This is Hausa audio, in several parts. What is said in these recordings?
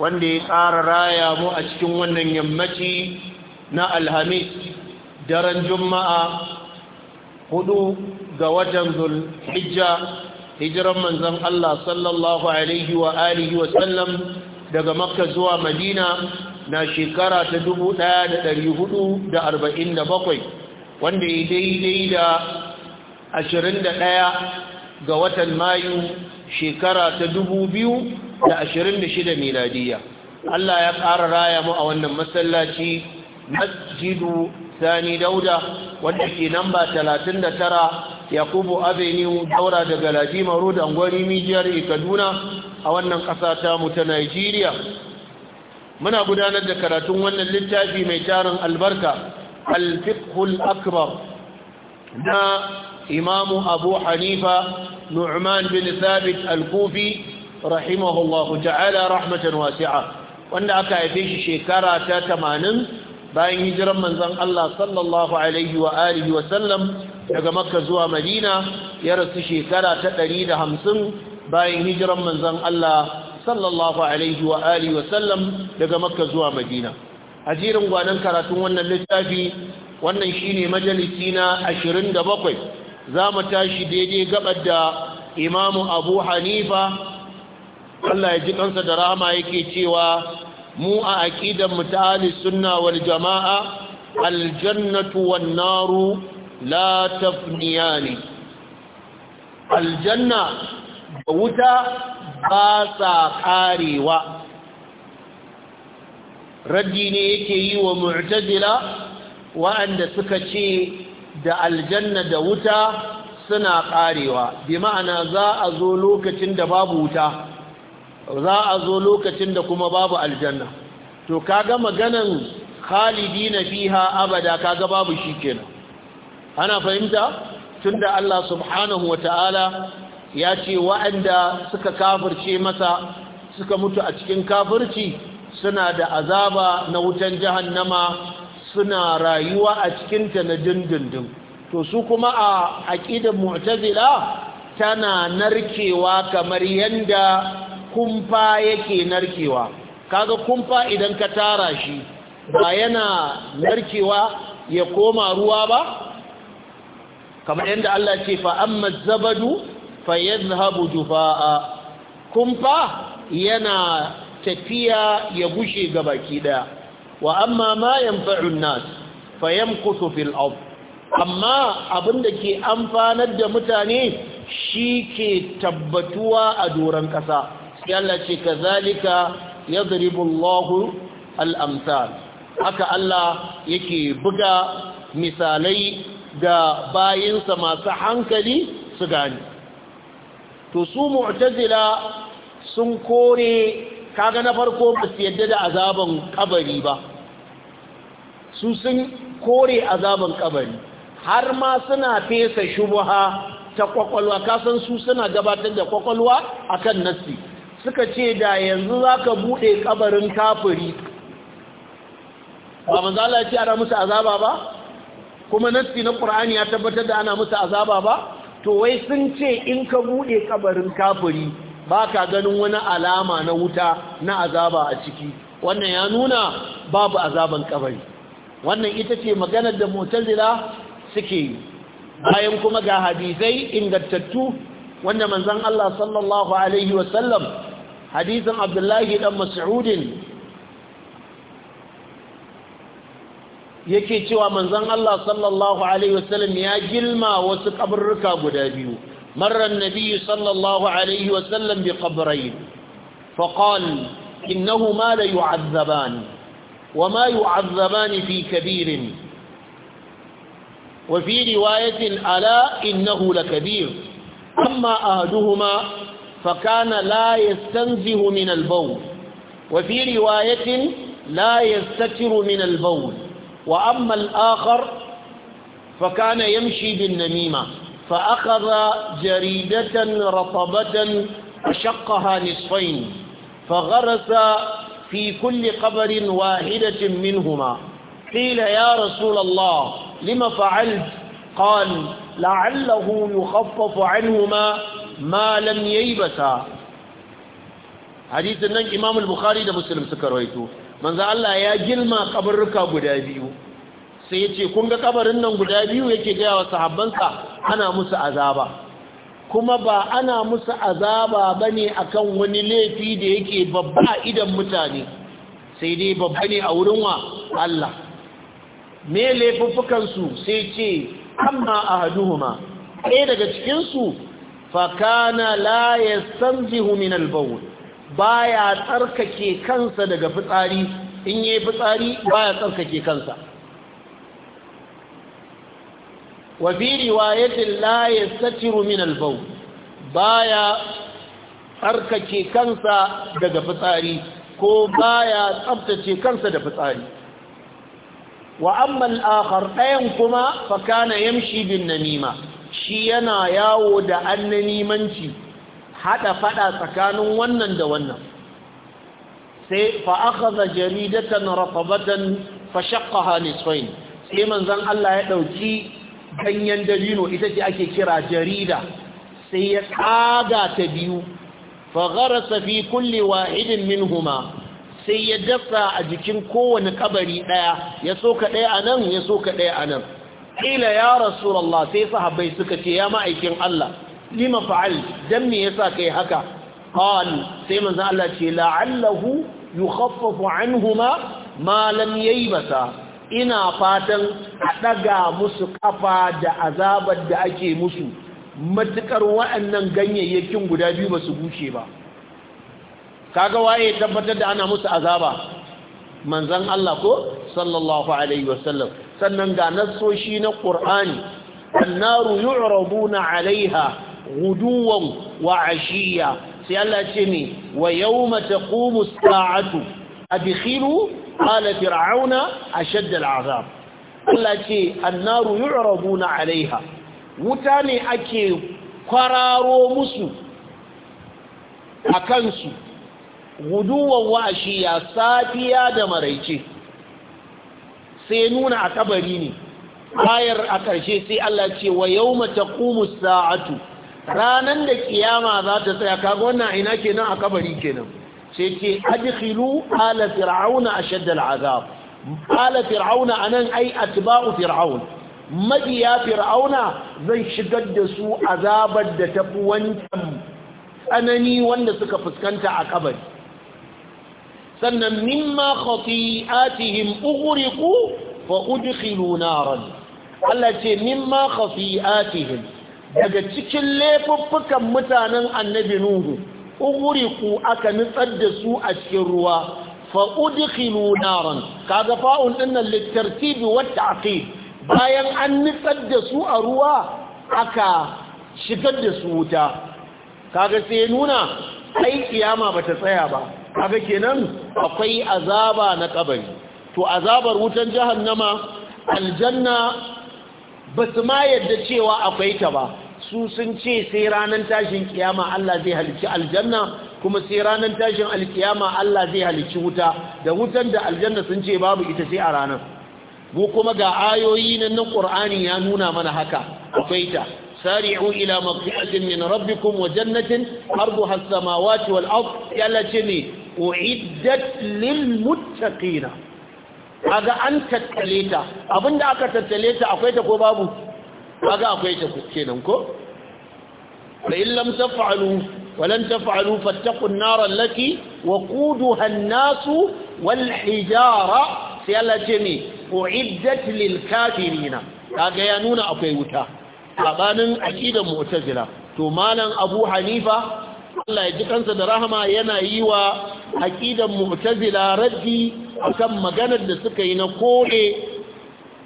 wanda ya ƙara raya mu a cikin wannan yammaci na alhamis daren juma'a hudu ga watan zulhijja hijiran manzon Allah sallallahu alaihi wa alihi wa sallam daga makka zuwa madina na shekara ta 1447 wanda ya daidai da 21 ga watan mayu shekara ta 2000 da ashirin da shida miladiya Allah ya ƙara raya mu a wannan masallaci masjidu sani dauda wanda ke namba talatin da tara yakubu avenue daura daga galaji maro da angwani mijiyar kaduna a wannan ƙasa mu ta nigeria muna gudanar da karatun wannan littafi mai tarin albarka alfikhul akbar na imamu abu hanifa nu'man bin thabit al-kufi rahimahullahu ta'ala rahmatan wasi'a wanda aka haife shi shekara ta tamanin bayan hijiran manzon Allah sallallahu alaihi wa alihi wa sallam daga Makka zuwa Madina ya rasu shekara ta ɗari da hamsin bayan hijiran manzon Allah sallallahu alaihi wa alihi wa sallam daga Makka zuwa Madina a jerin gwanan karatun wannan littafi wannan shine majalisi na 27 za mu tashi daidai gabar da imamu abu hanifa Allah ya ji ɗansa da rahama yake cewa mu a aƙidan mu ta sunna wal jamaa aljannatu wan naru la tafniyani aljanna da wuta ba sa karewa raddi ne yake yi wa mu'tazila wa'anda suka ce da aljanna da wuta suna karewa bi ma'ana za a zo lokacin da babu wuta za a zo lokacin da kuma babu aljanna to kaga maganan khalidina fiha abada kaga babu shi kenan ana fahimta tunda Allah subhanahu wataala ya ce wa'anda suka kafirce masa suka mutu a cikin kafirci suna da azaba na wutan jahannama suna rayuwa a cikinta na dindindin to su kuma a aqidar mu'tazila tana narkewa kamar yanda kumfa yake narkewa kaga kumfa idan ka tara shi ba yana narkewa ya koma ruwa ba kamar yadda Allah ce fa amma zabadu fa yadhhabu jufaa kumfa yana tafiya ya gushe gabaki daya wa amma ma yanfa'un nas fa yamqutu fil ard amma abinda ke amfanar da mutane shi ke tabbatuwa a doron ƙasa sai Allah ce kazalika yadribu Allahu al haka Allah yake buga misalai ga bayinsa masu hankali su gani to su mu'tazila sun kore kaga na farko ba su yadda da azaban kabari ba su sun kore azaban kabari har ma suna fesa shubuha ta kwakwalwa kasan su suna gabatar da kwakwalwa akan nasi. suka ce da yanzu za ka buɗe ƙabarin kafiri ba manzo Allah ya ce ana musu azaba ba kuma nassi na Qur'ani ya tabbatar da ana musu azaba ba to wai sun ce in ka buɗe ƙabarin kafiri baka ganin wani alama na wuta na azaba a ciki wannan ya nuna babu azaban kabari wannan ita ce maganar da motar mu'tazila suke yi bayan kuma ga hadisai ingantattu wanda manzon Allah sallallahu alaihi wasallam hadisin abdullahi dan mas'udin yake cewa manzon Allah sallallahu alaihi wasallam ya gilma wasu kaburruka guda biyu marra annabi sallallahu alaihi wasallam bi qabrayn faqal innahuma la yu'azzaban wama yu'azzaban fi kabirin وفي رواية ألا إنه لكبير أما أهدهما فكان لا يستنزه من البول وفي رواية لا يستتر من البول وأما الآخر فكان يمشي بالنميمة فأخذ جريدة رطبة أشقها نصفين فغرس في كل قبر واحدة منهما قيل يا رسول الله لم فعلت قال لعله يخفف عنهما malam yayi bata. hadisin nan Imam al-Bukhari da Muslim suka rawaito manzo Allah ya gilma kabarruka guda biyu sai yace kun ga kabarin nan guda biyu yake ga wa sahabbansa ana musu azaba kuma ba ana musu azaba bane akan wani laifi da yake babba idan mutane sai dai babba ne a wurin wa Allah me laifuffukansu su sai ce amma ahaduhuma ɗaya daga cikin su fakana la yastanzihu min al ba ya tsarkake kansa daga fitsari in yayi fitsari ya tsarkake kansa wa fi la ya yastatiru min al ba ya tsarkake kansa daga fitsari ko baya tsabtace kansa da fitsari wa amma al-akhar kuma fakana yamshi bin namima shi yana yawo da annanimanci hada fada tsakanin wannan da wannan sai fa akhadha jaridatan rafabatan fa shaqqaha sai manzon Allah ya ɗauki ganyen dalino ita ce ake kira jarida sai ya tsaga ta biyu fa gharasa fi kulli wahidin minhuma sai ya dasa a jikin kowane kabari ɗaya ya soka daya anan ya soka daya anan ƙila ya rasulallah sai sahabbai suka ce ya ma'aikin Allah lima fa'al dan me yasa kai haka qal sai manzo Allah ce la'allahu yukhaffafu anhuma ma lam basa. ina fatan a daga musu kafa da azabar da ake musu matukar wa'annan ganyayyakin guda biyu ba su bushe ba kaga waye tabbatar da ana musu azaba Manzan Allah ko sallallahu alaihi wasallam sannan ga nassoshi na ƙur'ani annaru na alaiha guduwan wa ashiya sai Allah ce ne wa yawma taqumu saatu adkhilu ala fir'auna ashadda al'azab Allah ce annaru na alaiha wuta ne ake kwararo musu akan su guduwan wa ashiya safiya da maraice sai nuna a kabari ne ayar a ƙarshe sai Allah ce wa yawma taqumu sa'atu ranan da kiyama za ta tsaya kaga wannan ina kenan a kabari kenan sai ce adkhilu ala fir'auna ashadd azab. ala fir'auna anan ai atba'u fir'aun mabiya fir'auna zan shigar da su azabar da tafi wancan tsanani wanda suka fuskanta a kabari sannan mimma khati'atihim ughriqu fa udkhilu naran Allah ce mimma khati'atihim daga cikin laifuffukan mutanen annabi nuhu ughriqu aka nutsar da su a cikin ruwa fa udkhilu naran kaga fa'un dinnan litartibi wa ta'qib bayan an nutsar da su a ruwa aka shigar da su wuta kaga sai nuna ai kiyama bata tsaya ba haka kenan akwai azaba na kabari to azabar wutan jahannama aljanna ba su ma yadda cewa akwai ta ba su sun ce sai ranar tashin kiyama Allah zai halicci aljanna kuma sai ranar tashin alkiyama Allah zai halicci wuta da wutan da aljanna sun ce babu ita sai a ranar mu kuma ga ayoyi nan na Qur'ani ya nuna mana haka akwai ta سارعوا إلى مغفرة من ربكم وجنة أرضها السماوات yalla ce ne. uiddat lil A ga an tattale ta abinda aka tattale ta akwai ta ko babu ga akwai ta nan ko Da in lam wa lan taf'alu fattaqun nar allati waquduha an hannasu. wal hijara sai Allah ce ne uiddat lil kafirina kaga ya nuna akwai wuta abanin aqidan mu'tazila to malam Abu Hanifa Allah ya ji kansa da rahama yana yi wa aqidan mu'tazila raddi akan maganar da suka yi na kore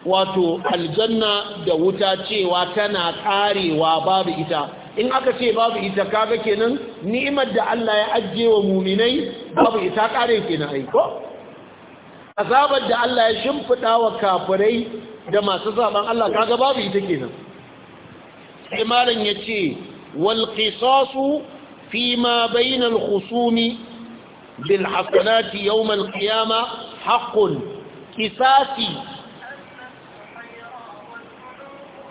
wato aljanna da wuta cewa tana karewa babu ita in aka ce babu ita kaga kenan ni'imar da Allah ya ajiye wa muminai babu ita kare kenan ai ko azabar da Allah ya shimfida wa kafirai da masu zaben Allah kaga babu ita kenan imalan yace wal qisasu fima bainal khusumi bilhasanati yawm alqiyama haqqun kisasi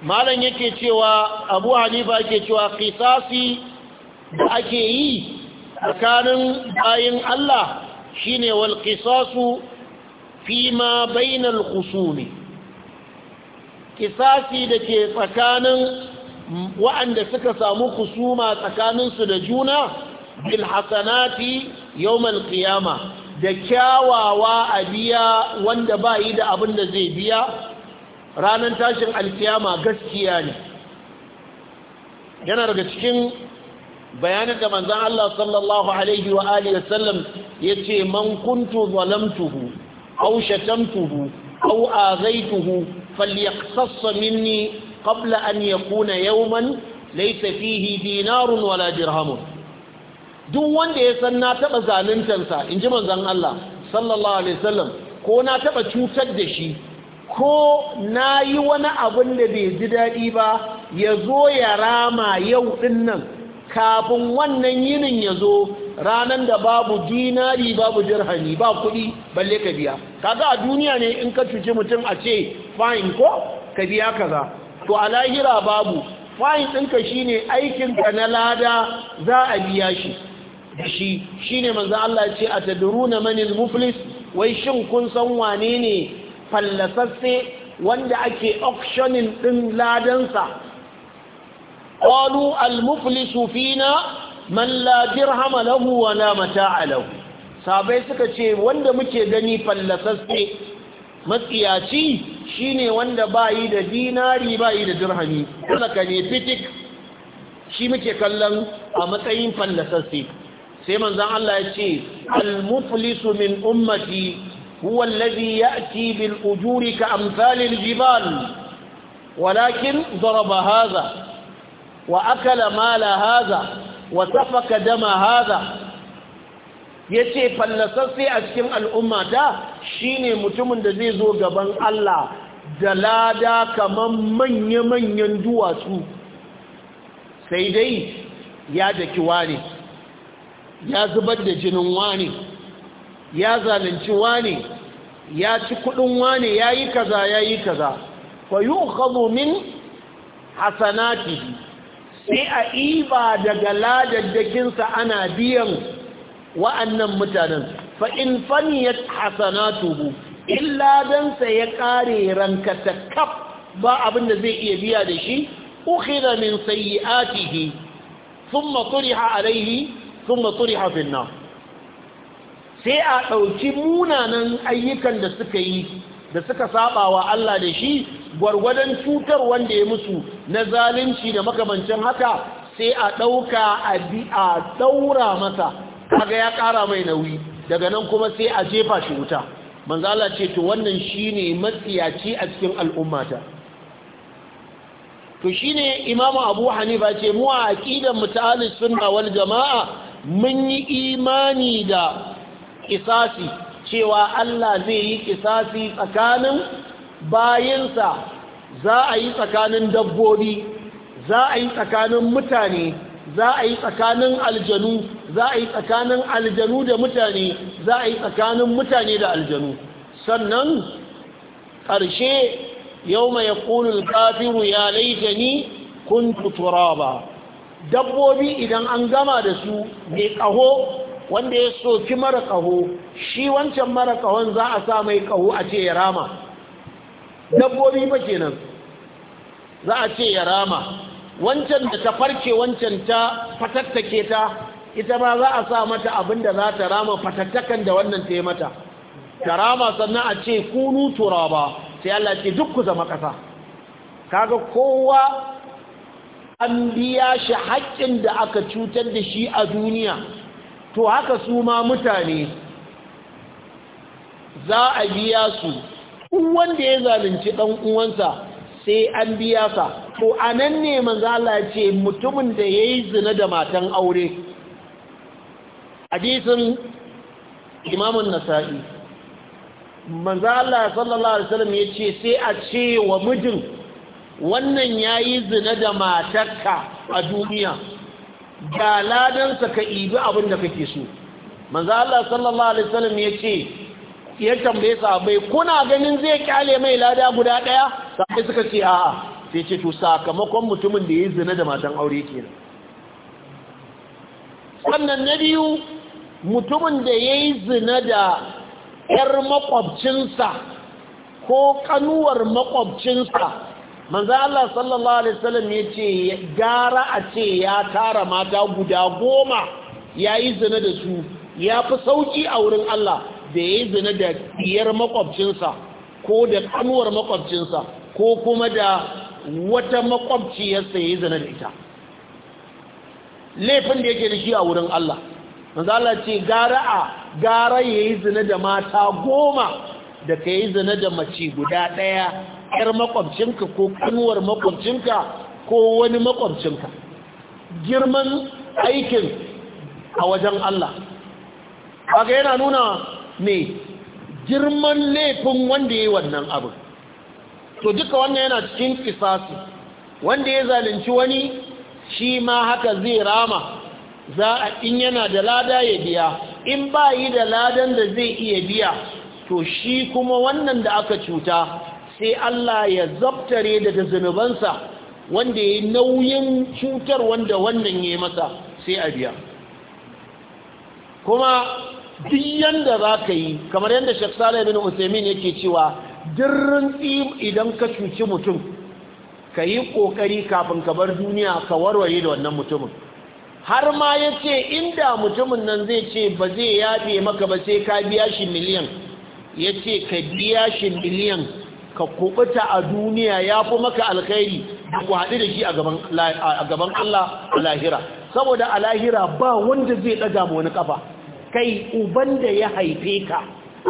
malan yake cewa abu hanifa ke cewa kisasi da ake yi tsakanin bayan Allah shine wal qisasu fima bainar kusumi. kisasi da ke tsakanin wa'anda suka samu khusuma tsakaninsu da juna bil hasanati yawmal qiyama da kyawawa a biya wanda ba yi da abin da zai biya ranar tashin alkiyama gaskiya ne yana daga cikin bayanin da manzan Allah sallallahu Alaihi wa Alihi wasallam ya ce man kuntu zalamtuhu au shatamtuhu au azaituhu falyaqsassa minni qabla an yakuna yawman laysa fihi dinarun wala dirhamun duk wanda ya san na taba zaluntansa in ji manzan Allah sallallahu alaihi wasallam ko na taba cutar da shi ko na yi wani abin da bai ji daɗi ba ya zo ya rama yau ɗin nan kafin wannan yinin ya zo ranar da babu dinari babu jirhani ba kuɗi balle ka biya kaga a duniya ne in ka cuci mutum a ce fine ko ka biya kaza to a lahira babu fine ɗinka shine aikinka na lada za a biya shi da shi shine manzo Allah a taduru na manil muflis wai shin kun san wane ne wanda ake auctioning din ladansa qalu al muflisu fina man la hamalahu wa namata mata'a sabai suka ce wanda muke gani fallasaffe matsiyaci shine wanda bayi da dinari bayi da dirhami saka ne fitik shi muke kallon a matsayin fallasaffe sai manzan Allah ya ce al-muflisu min ummati huwa alladhi ya'ti bil ujuri ka amsalil jibal walakin daraba hadha wa akala mala hadha wa safaka dama hadha yace fallasasse a cikin al'umma ta shine mutumin da zai zo gaban Allah da lada kaman manya-manyan duwatsu sai dai ya daki ne. ya zubar da jinin wani ya zalunci wani ya ci kudin wane ya yi kaza ya yi kaza fa yi min hasanati sai a iba daga ladaddakinsa ana biyan wa'annan mutanen fa in faniyat hasanatuhu illa dansa ya kare ranka kaf ba abin da zai iya biya da shi ukhira min sayyi'atihi thumma turiha alaihi sun turiha fil nar sai a ɗauki munanan ayyukan da suka yi da suka saba wa Allah da shi gwargwadon cutar wanda ya musu na zalunci da makamancin haka sai a ɗauka a daura masa kaga ya ƙara mai nauyi daga nan kuma sai a jefa shi wuta manzo Allah ce to wannan shine matsiyaci a cikin al'ummata to shine imamu abu hanifa ce mu a aqidan mutalis sunna wal jama'a mun yi imani da kisasi cewa Allah zai yi kisasi tsakanin bayinsa za a yi tsakanin dabbobi za a yi tsakanin mutane za a yi tsakanin aljanu za a yi tsakanin aljanu da mutane za a yi tsakanin mutane da aljanu sannan ƙarshe yau mai kunul kafiru ya laita ni kun tuturaba dabbobi idan an gama da su mai ƙaho wanda ya soki mara ƙaho shi wancan mara ƙahon za a sa mai ƙaho a ce ya rama dabbobi ba kenan za a ce ya rama wancan da ta farke wancan ta fatattake ta ita ba za a sa mata abin da za ta rama fatattakan da wannan ta yi mata ta rama sannan a ce kunu turaba sai Allah ce duk ku zama ƙasa kaga kowa an biya shi haƙƙin da aka cutar da shi a duniya to haka su ma mutane za a biya su wanda ya zalunci ɗan uwansa sai an biya sa to a nan ne manzala ce mutumin da ya yi zina da matan aure hadisin imamun nasa'i manzala sallallahu alaihi wasallam ya ce sai a ce wa mijin wannan ya yi zina da matarka a duniya ga ladansa ka ibi abin da kake so manzo Allah sallallahu alaihi wasallam ya ce ya tambaye sahabbai kuna ganin zai kyale mai lada guda daya sai suka ce a'a sai ce to sakamakon mutumin da ya zina da matan aure kenan wannan na biyu mutumin da yayi zina da ‘yar makwabcinsa ko kanuwar makwabcinsa manzo Allah sallallahu alaihi wasallam ya gara a ce ya tara mata guda goma ya yi zina da su ya fi sauki a wurin Allah da ya yi zina da diyar makwabcinsa ko da kanuwar makwabcinsa ko kuma da wata makwabciyarsa yi zina da ita laifin da yake da shi a wurin Allah manzo Allah ce gara a gara yayi zina da mata goma da kai zina da mace guda ɗaya. ƙar makwabcinka ko kanuwar makwabcinka ko wani makwabcinka girman aikin a wajen Allah kaga yana nuna me girman laifin wanda ya yi wannan abu to duka wannan yana cikin kisasi wanda ya zalunci wani shi ma haka zai rama za a in yana da lada ya biya in ba yi da ladan da zai iya biya to shi kuma wannan da aka cuta sai Allah ya zaftare daga zunubansa wanda ya nauyin cutar wanda wannan ya masa sai a biya kuma duk yanda za ka yi kamar yadda shaksala Saleh bin yake cewa dirin idan ka cuci mutum ka yi kokari kafin ka bar duniya ka warware da wannan mutumin har ma ya ce inda mutumin nan zai ce ba zai yafe maka ba sai ka biya shi miliyan ya ce ka biya shi miliyan ka kubuta a duniya ya fi maka alkhairi da ku haɗu da shi a gaban Allah a lahira saboda a lahira ba wanda zai ɗaga ma wani ƙafa kai uban da ya haife ka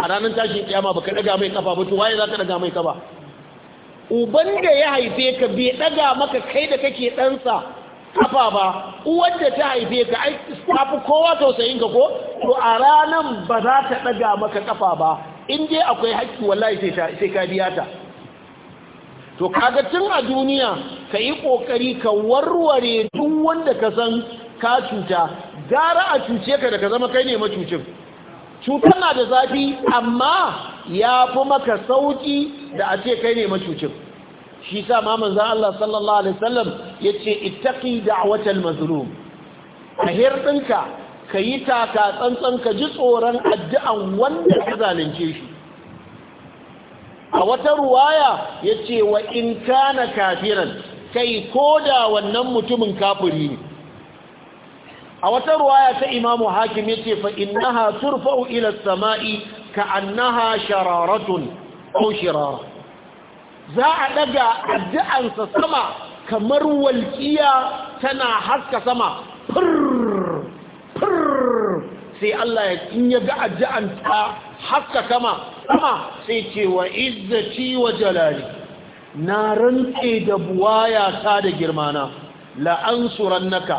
a ranar tashin kyama ba ka ɗaga mai ƙafa ba to waye za ka ɗaga mai ƙafa uban da ya haife ka bai ɗaga maka kai da kake ɗansa ƙafa ba Uwan da ta haife ka ai ta fi kowa tausayin ka ko to a ranar ba za ta ɗaga maka ƙafa ba in je akwai haƙƙi wallahi sai ka biya ta to kaga tun a duniya ka yi ƙoƙari ka warware duk wanda ka san ka cuta gara a cuce ka da ka zama kai ne macucin cutar na da zafi amma ya fi maka sauƙi da a ce kai ne macucin shi sa mamun Allah sallallahu alaihi wasallam ya ce a watan mazlum a hirɗinka ka yi taka tsantsan ka ji tsoron addu'an wanda ka zalunce shi a wata ruwaya ya ce wa in kana kafiran kai ko da wannan mutumin kafiri ne a wata ruwaya ta imamu hakim ya ce fa innaha turfa'u ila sama'i ka annaha shararatun ko shirara za a daga addu'ansa sama kamar walƙiya tana haska sama furr sai Allah ya in ya ga ajjan ta haska kama sai ce wa izzati wa jalali na rantse da buwaya ta da girmana la ansurannaka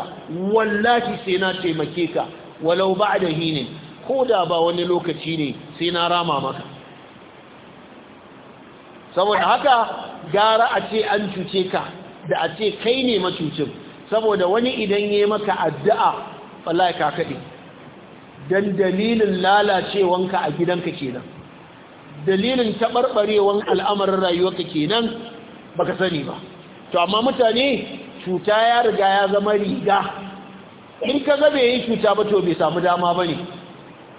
wallahi sai na taimake ka walau ba'da hinin ko da ba wani lokaci ne sai na rama maka saboda haka gara a ce an cuce ka da a ce kai ne macucin saboda wani idan ya maka addu'a wallahi ka kaɗe don dalilin lalacewanka a gidanka kenan dalilin taɓarɓarewan al'amarin rayuwarka kenan baka sani ba to amma mutane cuta ya riga ya zama riga in ka ga bai yi cuta ba to bai samu dama ba ne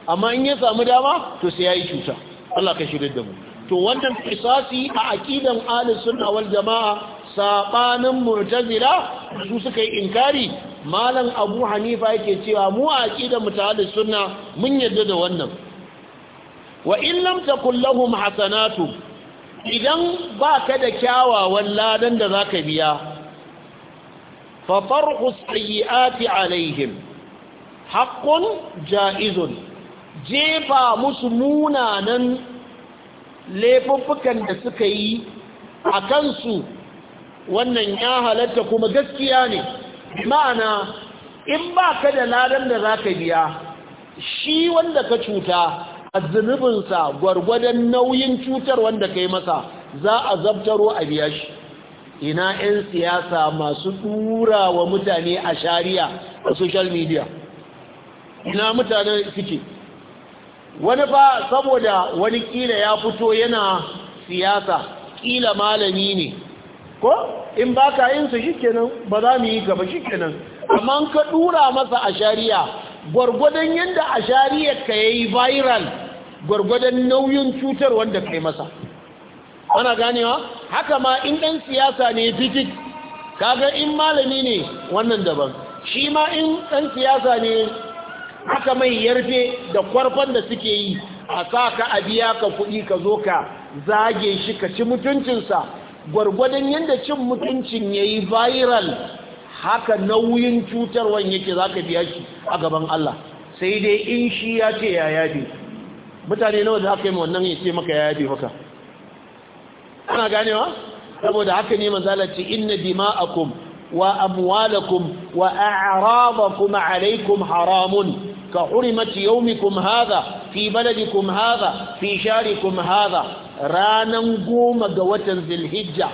amma in ya samu dama to sai ya yi cuta Allah ka shirin da mu to wannan kisasi a aƙidan ahlus sunna wal jama'a saɓanin murtazila su suka yi inkari malam abu hanifa yake cewa mu a aƙidar mutahalis sunna mun yadda da wannan wa in lam takun lahum hasanatu idan ba ka da kyawawan ladan da za ka biya fa farqu sayyiati alaihim haqqun jaizun jefa musu munanan laifuffukan da suka yi a kansu wannan ya halatta kuma gaskiya ne ma'ana in ba ka da ladan da za ka biya shi wanda ka cuta a zunubinsa gwargwadon nauyin cutar wanda ka yi masa za a zabtaro a biya shi ina 'yan siyasa masu tura wa mutane a shari'a a social media ina mutane suke wani ba saboda wani kila ya fito yana siyasa kila malami ne ko in ba ka yin su shikenan ba za mu yi gaba shikenan amma ka dura masa a shari'a gwargwadon yadda a shari'ar ka yi viral gwargwadon nauyin cutar wanda kai masa ana ganewa haka ma in dan siyasa ne fitik kaga in malami ne wannan daban shi ma in dan siyasa ne haka mai yarfe da kwarfan da suke yi a sa ka a biya ka kuɗi ka zo ka zage shi ka ci mutuncinsa gwargwadon yadda cin mutuncin ya yi viral haka nauyin cutarwan yake za ka biya shi a gaban Allah sai dai in shi ya ce ya yabe mutane nawa da haka yi wannan ya ce maka ya yabe maka ana ganewa saboda haka ne manzalarci inna dima'akum wa amwalakum wa a'radakum alaikum haramun Ka كحرمة يومكم هذا في بلدكم هذا في شاركم هذا رانا قوم قوة ذي الهجة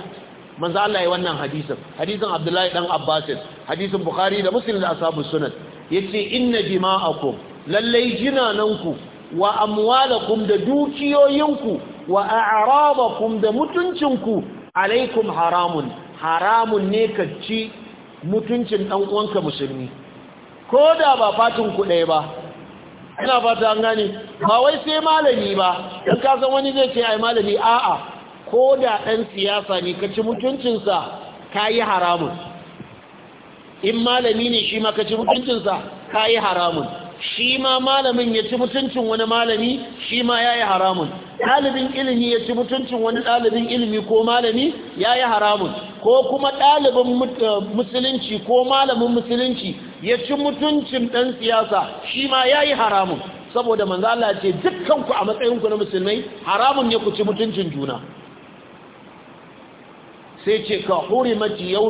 manzo Allah ya wannan hadisin hadisin Abdullahi dan Abbas hadisin Bukhari da Muslim da Ashabus Sunan yace inna dima'akum lallai jinananku wa amwalakum da dukiyoyinku wa kum da mutuncinku alaikum haramun haramun ne ka ci mutuncin dan uwanka musulmi ko da ba fatin ku ɗaya ba ina fata an gani ba wai sai malami ba ɗan kasan wani zai ce ai malami a'a ko da ɗan siyasa ne ka ci mutuncinsa ka yi haramun in malami ne shi ma ka ci mutuncinsa ka yi haramun shi ma malamin ya ci mutuncin wani malami shi ma ya yi haramun ɗalibin ilimi ya ci mutuncin wani ɗalibin ilimi ko malami ya yi haramun ko kuma ɗalibin eh, musulunci ko malamin musulunci ya ci mutuncin ɗan siyasa shi ma ya yi haramun saboda manzala ce dukkanku a matsayinku na musulmai haramun ne ku ci mutuncin juna sai ce ka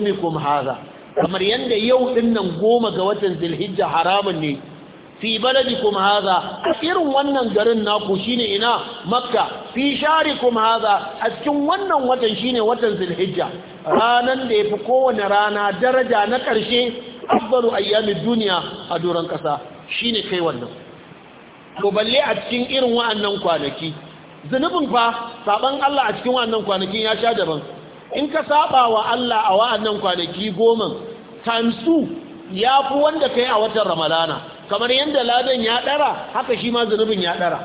ne kuma haza kamar yadda yau ɗin nan goma ga watan zilhijja haramun ne fi haza a irin wannan garin naku shine ina makka fi kuma haza a cikin wannan watan shine watan zulhijja ranan da yafi kowane rana daraja na karshe afdalu ayyamid duniya a doran kasa shine kai wannan to balle a cikin irin wa'annan kwanaki zunubin fa saban Allah a cikin wa'annan kwanaki ya sha daban in ka saba wa Allah a wa'annan kwanaki goma times 2 ya fi wanda kai a watan ramadana kamar yadda ladan ya ɗara haka shi ma zunubin ya ɗara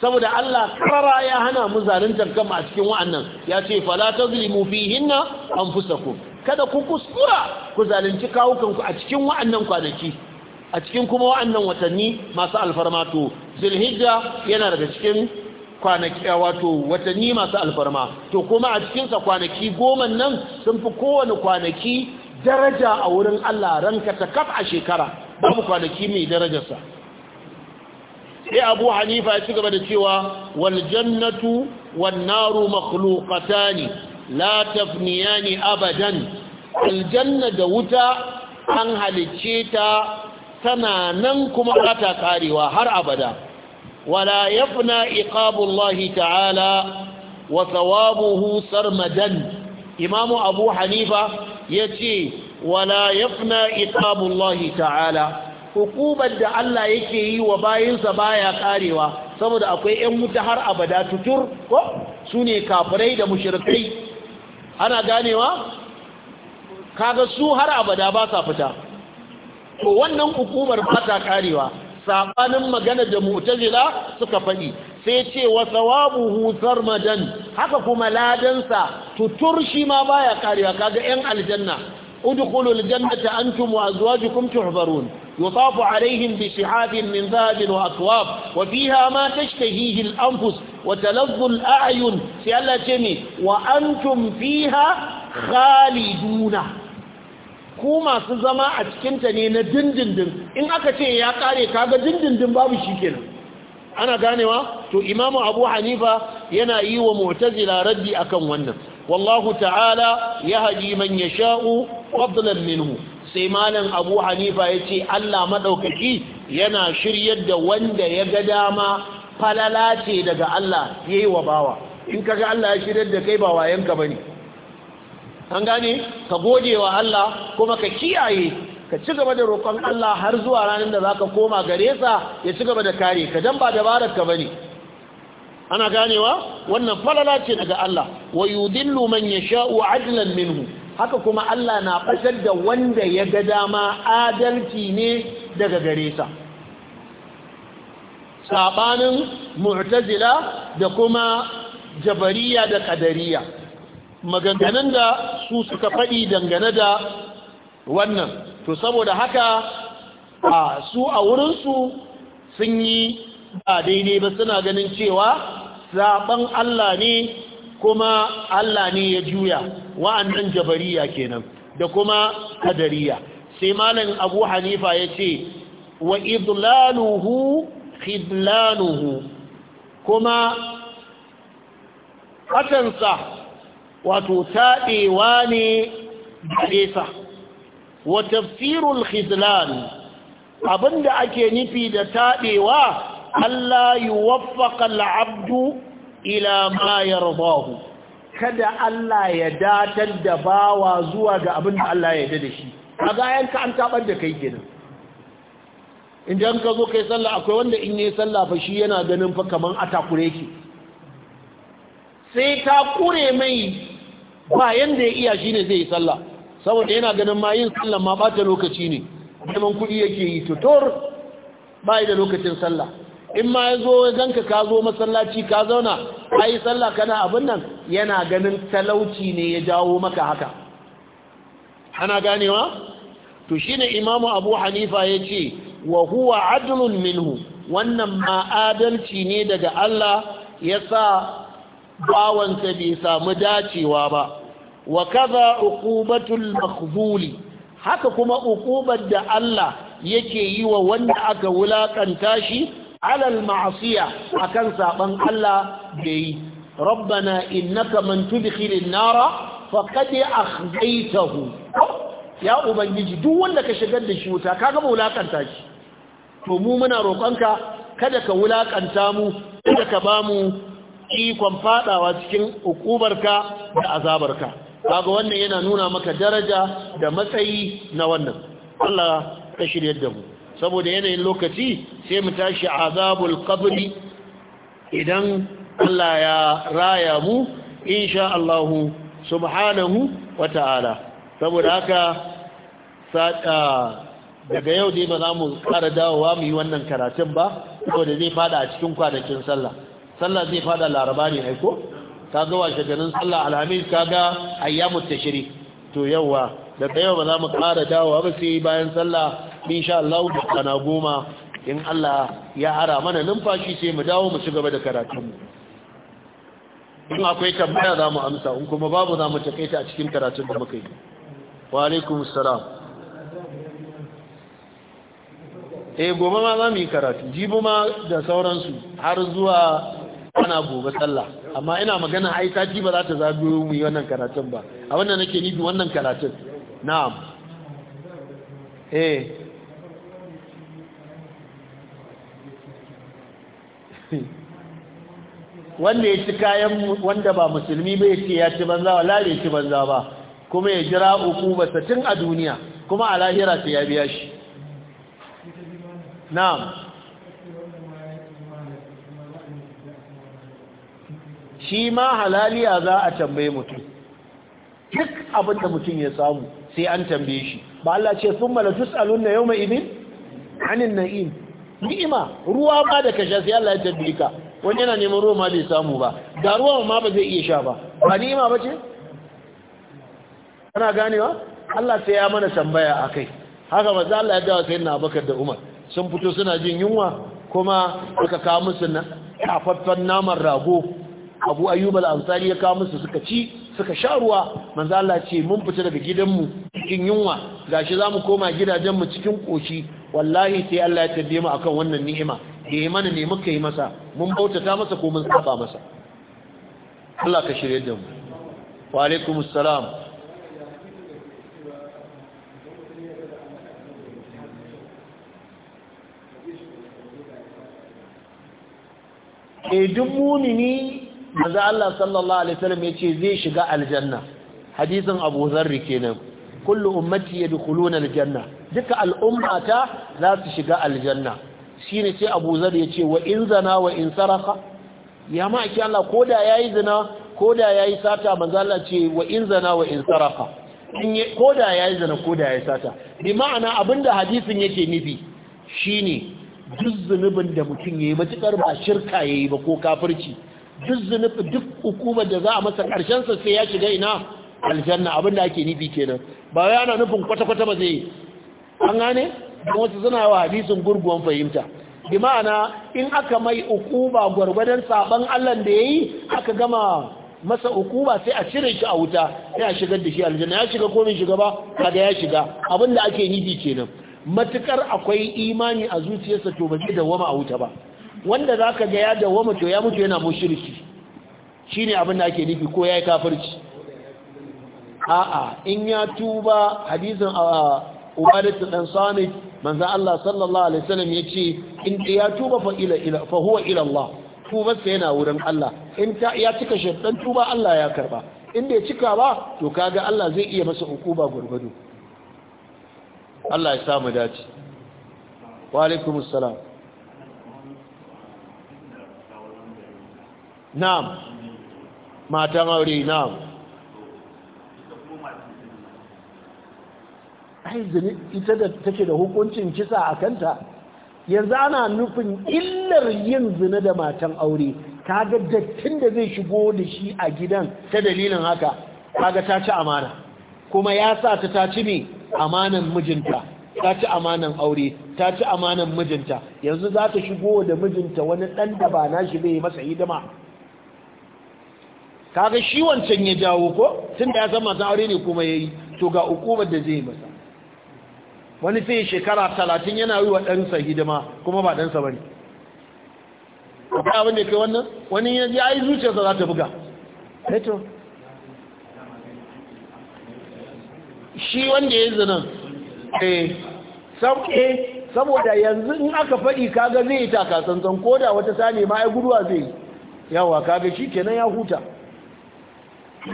saboda Allah kara ya hana mu zaluntar kama a cikin wa'annan ya ce fala tazlimu fihinna fusako kada ku kuskura ku zalunci kawukanku a cikin wa'annan kwanaki a cikin kuma wa'annan watanni masu alfarma to zulhijja yana daga cikin kwanaki wato watanni masu alfarma to kuma a cikinsa kwanaki goma nan sun fi kowane kwanaki daraja a wurin Allah ranka ta kaf a shekara babu kwanaki mai darajarsa sai abu hanifa ya ci gaba da cewa wal jannatu wan naru makhluqatani la tafniyani abadan aljanna da wuta an halicce ta tana nan kuma ta karewa har abada wala yafna iqabullahi ta'ala wa thawabuhu sarmadan imamu abu hanifa ya ce wala yafna iqabullahi ta'ala hukubar da Allah yake yi wa bayinsa baya karewa saboda akwai 'yan wuta har abada tutur ko su ne kafirai da mushrikai ana ganewa kaga su har abada ba sa fita ko wannan hukumar ba ta karewa sabanin magana da mu'tazila suka faɗi sai ce wa tsawabu husar madan haka kuma ladansa tutur shi ma baya kariya kaga yan aljanna udkhulu aljannata antum wa azwajukum tuhbarun yutafu alaihim bi shihabin min zahabin wa aswab wa fiha ma tashtahihi al-anfus wa talazzu al-a'yun sai Allah ce mi wa antum fiha khaliduna ku masu zama a cikinta ne na dindindin in aka ce ya kare kaga dindindin babu shikenan ana ganewa to imamu abu hanifa yana yi wa mu'tazila raddi akan wannan wallahu ta'ala ya haji man ya sha'u fadlan minhu sai malam abu hanifa ya ce allah maɗaukaki yana shiryar da wanda ya ga dama falala ce daga allah ya yi wa bawa in ka ga allah ya shiryar da kai ba wayanka ba ne an gane ka gode wa allah kuma ka kiyaye ka ci gaba da roƙon allah har zuwa ranar da za ka koma gare sa ya ci gaba da kare ka dan ba dabarar ka ba ne ana ganewa wannan falala ce daga Allah wa yudillu man yasha'u adlan minhu haka kuma Allah na fashar da wanda ya ga dama adalci ne daga gare sa sabanin mu'tazila da kuma jabariya da qadariya maganganun da su suka faɗi dangane da wannan to saboda haka a su a wurinsu sun yi ba daidai ba suna ganin cewa zaben Allah ne kuma Allah ne ya juya wa'annan jabariya kenan da kuma kadariya sai malam abu hanifa ya ce wa idlaluhu khidlanuhu kuma katansa wato taɗewa ne da wa tafsirul khidlan abinda ake nufi da taɗewa Allah yuwaffaqa al-abdu ila ma yardahu kada Allah ya datar da bawa zuwa ga abin da Allah ya yarda da shi kaga yanka an tabar da kai kenan idan ka zo kai sallah akwai wanda in yi sallah fa shi yana ganin fa kaman atakure ki sai ta kure mai ba yanda ya iya shine zai yi sallah saboda yana ganin ma yin sallah ma bata lokaci ne neman kuɗi yake yi tutor bai da lokacin sallah in ma ya zo ganka ka zo masallaci ka zauna ai sallah kana abin nan yana ganin talauci ne ya jawo maka haka ana ganewa to shine imamu abu hanifa ya ce wa huwa adlun minhu wannan ma'adalci ne daga Allah ya sa bawansa bai samu dacewa ba wa kaza uqubatul makhzuli haka kuma uqubar da Allah yake yi wa wanda aka wulakanta shi alal ma'asiya akan saban Allah da yi rabbana innaka man tudkhilin nara faqad akhzaytahu ya ubangiji duk wanda ka shigar da shi wuta kaga ba wulakanta shi to mu muna roƙonka kada ka wulakanta mu kada ka ba mu ikon fadawa cikin ukubarka da azabarka kaga wannan yana nuna maka daraja da matsayi na wannan Allah ka shiryar da mu saboda yanayin lokaci sai mu tashi azabul qabri idan Allah ya raya mu insha Allah subhanahu wata'ala saboda haka daga yau dai ba za mu ƙara dawowa mu yi wannan karatun ba saboda zai fada a cikin kwanakin sallah sallah zai fada laraba ne aiko kaga washe ganin sallah alhamis kaga ayyamut tashri to yawa daga yau ba za mu kara dawowa ba sai bayan sallah sha Allah da kana goma in Allah ya ara mana numfashi sai mu dawo mu cigaba da karatunmu in akwai tambaya za mu amsa in kuma babu za mu takaita a cikin karatun da muka yi wa alaikum salam eh goma ma za mu yi karatu jibo ma da sauransu har zuwa ana gobe sallah amma ina magana ai ji ba za ta zabi mu yi wannan karatun ba a wannan nake nufi wannan karatun na'am eh wanda ya ci kayan wanda ba musulmi ba ya ce ya ci banza wa lare ci banza ba kuma ya jira uku ba tun a duniya kuma a lahira ta ya biya shi na'am shi ma halaliya za a tambaye mutum duk abin da mutum ya samu sai an tambaye shi ba Allah ce sun malatus alunna yau mai idin anin na'im ni'ima ruwa ba da kasha sai Allah ya tabbika wani yana neman ruwa ma bai samu ba ga ruwa ma ba zai iya sha ba ba ni'ima ba ce kana ganewa Allah sai ya mana tambaya a kai haka za Allah ya dawo sai na bakar da Umar sun fito suna jin yunwa kuma suka kawo musu na naman rago Abu Ayyub al-Ansari ya kawo musu suka ci suka sha ruwa manzo Allah ce mun fita daga gidanmu cikin yunwa gashi zamu koma gidajenmu cikin koshi wallahi sai Allah ya tabbe mu akan wannan ni'ima da ya mana ne muka yi masa mun bautata masa ko mun saba masa Allah ka shirye da mu wa alaikum assalam eh duk mumini maza Allah sallallahu alaihi wasallam yace zai shiga aljanna hadisin Abu Zarri kenan kullu ummati yadkhuluna aljanna duka al'ummata za su shiga aljanna shi ne sai abu zar ya ce wa in zana wa in saraka ya ma'aiki Allah ko da ya yi zina ko da ya yi sata manzala ce wa in zana wa in saraka ko da ya yi zina ko da ya yi sata bi ma'ana abinda hadisin yake nufi shi ne duk zunubin da mutum ya yi matuƙar ba shirka ya yi ba ko kafirci duk zunubin duk hukumar da za a masa ƙarshensa sai ya shiga ina aljanna abinda ake nufi kenan ba ya na nufin kwata-kwata ba zai an gane wasu suna wa hadisin gurguwan fahimta bi ma'ana in aka mai ukuba gwargwadon saban Allah da ya yi, aka gama masa ukuba sai a cire shi a wuta sai a shigar da shi aljanna ya shiga ko shiga ba kaga ya shiga abinda ake nufi kenan matukar akwai imani a zuciyarsa to ba zai dawama a wuta ba wanda za ka ga ya dawama to ya mutu yana mushriki shine abin da ake nufi ko ya yayi kafirci a'a in ya tuba hadisin ah, ubadatu dan samit manzo Allah sallallahu alaihi wasallam yace in ya tuba fa ila ila fa huwa ila Allah tubarsa yana wurin Allah in ta ya cika shaddan tuba Allah ya karba in bai cika ba to kaga Allah zai iya masa hukuma gurgudu Allah ya samu dace wa alaikum salam na'am matan aure na'am ai ita da take da hukuncin kisa a kanta yanzu ana nufin illar yin zina da matan aure kaga dattin da zai shigo da shi a gidan ta dalilin haka kaga ta ci amana kuma ya sa ta ta ci ne amanan mijinta ta ci amanan aure ta ci amanan mijinta yanzu za ta shigo da mijinta wani ɗan da ba na shi bai masa hidima kaga shi wancan ya jawo ko tun da ya san masu aure ne kuma ya yi to ga hukumar da zai masa wani fiye shekara talatin yana yi wa ɗansa hidima kuma ba ɗansa ba ne ba abin da ke wannan wani ya yi zuciyarsa za ta buga eto eh shi wanda ya zinan eh, eh saboda yanzu in aka faɗi kaga zai yi takasantan koda wata sani ma ya guduwa zai yi yawa kaga shi kenan ya huta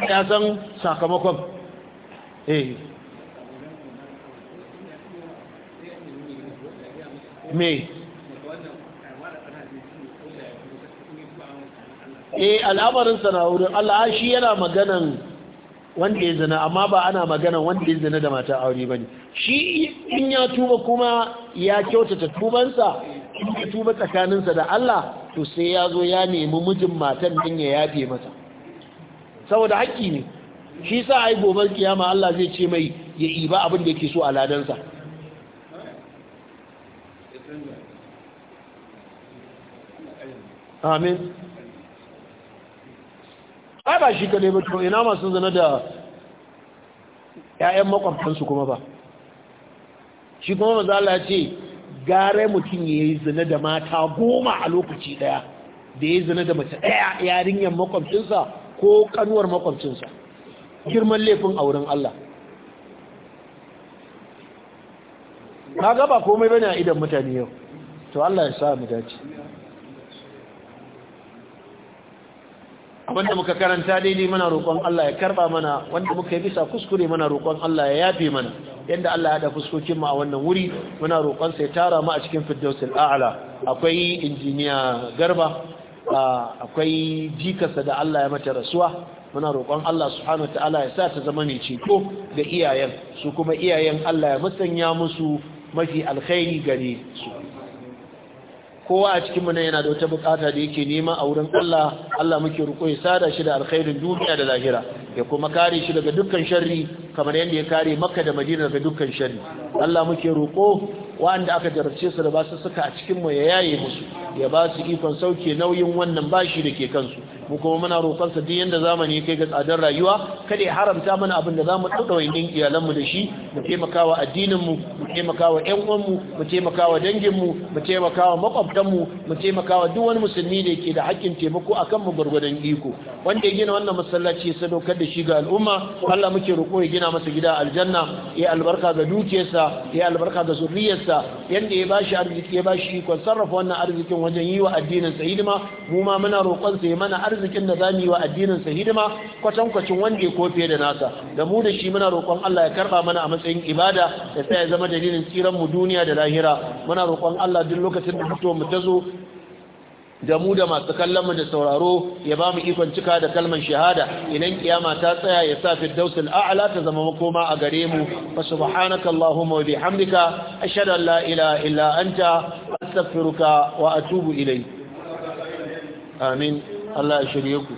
ya san sakamakon eh me eh al'amarin na wurin Allah shi yana maganan wanda ya zina amma ba ana maganan wanda ya zina da mata aure ba ne. shi in ya tuba kuma ya kyautata tubansa in ya tuba tsakaninsa da Allah to sai ya zo ya nemi mijin matan din ya yafe masa saboda haƙƙi ne shi sa ai gobe kiyama Allah zai ce mai ya iba abin da yake so a ladansa amin ai ba shi kadai ba to ina masu zana da 'ya'yan makwabtansu kuma ba shi kuma maza Allah ce gare mutum ya yi zana da mata goma a lokaci ɗaya da ya yi zana da mace daya yarinyar makwabcinsa ko kanuwar makwabcinsa girman laifin a wurin Allah na ga ba komai bane a idan mutane yau to Allah ya sa mu dace abinda muka karanta daidai mana roƙon Allah ya karba mana wanda muka yi bisa kuskure mana roƙon Allah ya yafe mana yanda Allah ya da fuskokin mu a wannan wuri muna roƙon sai tara mu a cikin firdausul a'la akwai injiniya garba akwai jikarsa da Allah ya mata rasuwa muna roƙon Allah subhanahu ta'ala ya sa ta zama mai ciko ga iyayen su kuma iyayen Allah ya musanya musu mafi alkhairi gare su kowa a cikinmu nan yana da wata bukata da yake nema a wurin Allah Allah muke roƙo ya sada shi da alkhairin duniya da lahira ya kuma kare shi daga dukkan sharri kamar yadda ya kare Makka da Madina daga dukkan sharri Allah muke roƙo wanda aka jarrace su da basu suka a cikinmu ya yaye musu ya ba su ikon sauke nauyin wannan bashi da ke kansu mu kuma muna roƙon duk yanda zamani kai ga tsadar rayuwa kada ya haramta mana abin da zamu dauka wayin iyalan mu da shi mu taimakawa addinin mu taimakawa ƴan uwanmu mu taimakawa dangin mu mu taimakawa makwabtanmu mu taimakawa duk wani musulmi da yake da haƙƙin taimako akan mu gurgurdan iko wanda ya gina wannan masallaci ya sadaukar da shi ga al'umma Allah muke roƙo ya gina masa gida aljanna ya albarka ga dukiyarsa ya albarka ga zuriyarsa yanda ya bashi arziki ya bashi ikon sarrafa wannan arzikin wajen yi wa addinin sa hidima mu ma muna roƙon ya mana arziki arzikin da zamu yi wa addinin sa hidima kwatankwacin wanda ko fiye da nasa da mu da shi muna roƙon Allah ya karba mana a matsayin ibada ya tsaya zama dalilin tsiran mu duniya da lahira muna roƙon Allah duk lokacin da fito mu tazo da mu da masu kallon mu da sauraro ya ba mu ikon cika da kalman shahada idan kiyama ta tsaya ya sa firdausul a'la ta zama makoma a gare mu fa subhanaka allahumma wa bihamdika ashhadu an la ilaha illa anta astaghfiruka wa atubu ilayk amin Allah ya shirye ku